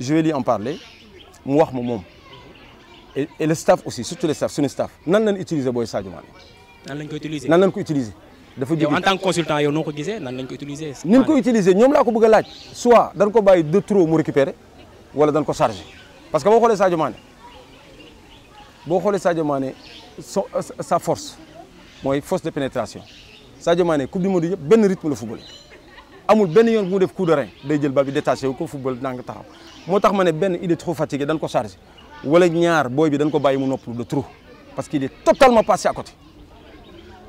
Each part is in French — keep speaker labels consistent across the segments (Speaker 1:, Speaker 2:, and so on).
Speaker 1: je vais lui en parler et le staff aussi surtout le staff son staff nan lañ utiliser boy Sadio Mané.
Speaker 2: nan lañ utiliser nan lañ
Speaker 1: utiliser. en tant que
Speaker 2: consultant yo ils ko pas nan lañ utiliser. ni ko
Speaker 1: utiliser ñom la soit dañ ko parce que bo xolé Sadio Mané sa force la force de pénétration. Sadio Mané coupe du monde ben rythme le football amul ben yoon bu def coup de rein day jël bal bi détaché wu ko football nang taxaw moo tax ma ne ben il est trop fatigué dañ ko chargé wala ñaar boy, bi dañ ko bàyyi mon noppalu de trop parce qu'il est totalement
Speaker 2: passé à côté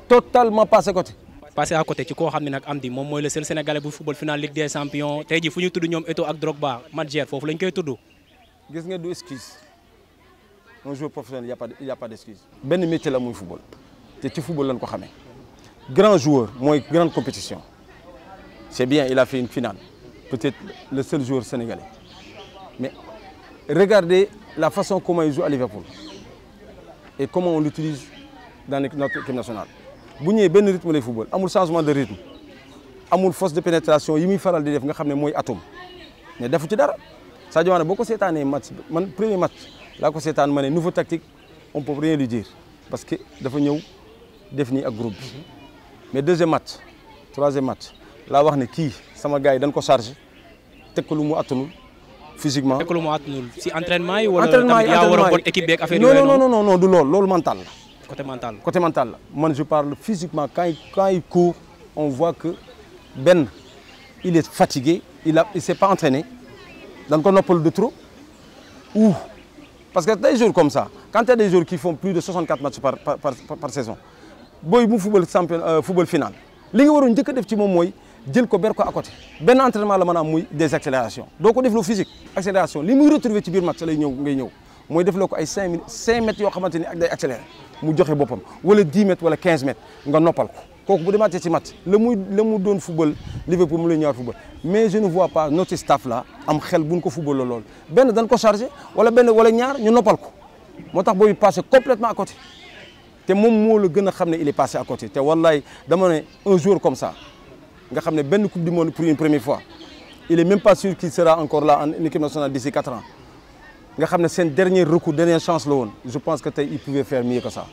Speaker 2: totalement passé à côté. passé à côté ci cours, xam ne Amdi, Mon di le seul sénégalais bu football final Ligue des champions tey ji fu ñu tudd ñoom Eto'o ak Drogba Madjer tout lañ koy tudd.
Speaker 1: gis nga du excuse un joueur professionnel y' a pas y' a pas d'
Speaker 2: Ben, métier la muy
Speaker 1: football C'est ci football lañ ko xamee grand joueur une grande compétition c'est bien il a fait une finale peut-être le seul joueur sénégalais mais regardez la façon comment il joue à Liverpool et comment on l'utilise dans notre équipe nationale vous avez un rythme de football un changement de rythme une force de pénétration il muy faral di def nga xam ne un atome mais defu ci dara cette année. match man premier match là que seetaan ma nouveau tactique on peut rien lui dire parce que dafa venu def ak groupe mais deuxième match troisième match Là, on ne qui? sama gars yi dañ ko charger a ko lu mu atunul physiquement. teg ko lu mu atunul
Speaker 2: si entraînement yi. wala tamit yaa a bot équipe beeg affaire non non non
Speaker 1: non du loolu L'ol mental côté mental côté mental Moi je parle physiquement quand il court on voit que Ben il est fatigué il a il s'est pas entraîné on a noppal de trop ou parce que des jours comme ça quand il y a des jours qui font plus de 64 matchs par, par saison boy mu football champion euh, football final li nga waro njëkk def ci mom moy jël ko ber ko à côté benn entraînement la mën muy des accélérations doo ko defloo physique accélération li muy retrouver ci bir match lay ñëw ngay ñëw moy def ko ay cinq minutes cinq mètres yoo xamante ak day accélérer mu joxe bopam wala 10 mètres wala 15 mètres nga noppal ko kooku bu demaatee ci match le muy le mu doon football Liverpool mu lay ñaar football mais je ne vois pas notre staff là am xel buñ ko football lool ben dañ ko charger wala ben wala ñaar ñu noppal ko motax boy passé complètement à côté il est passé à côté il a un jour comme ça nga fait une coupe du monde pour une première fois il n'est même pas sûr qu'il sera encore là en équipe nationale d'ici 4 ans nga xam c'est dernier recours dernière chance je pense qu'il pouvait faire mieux que ça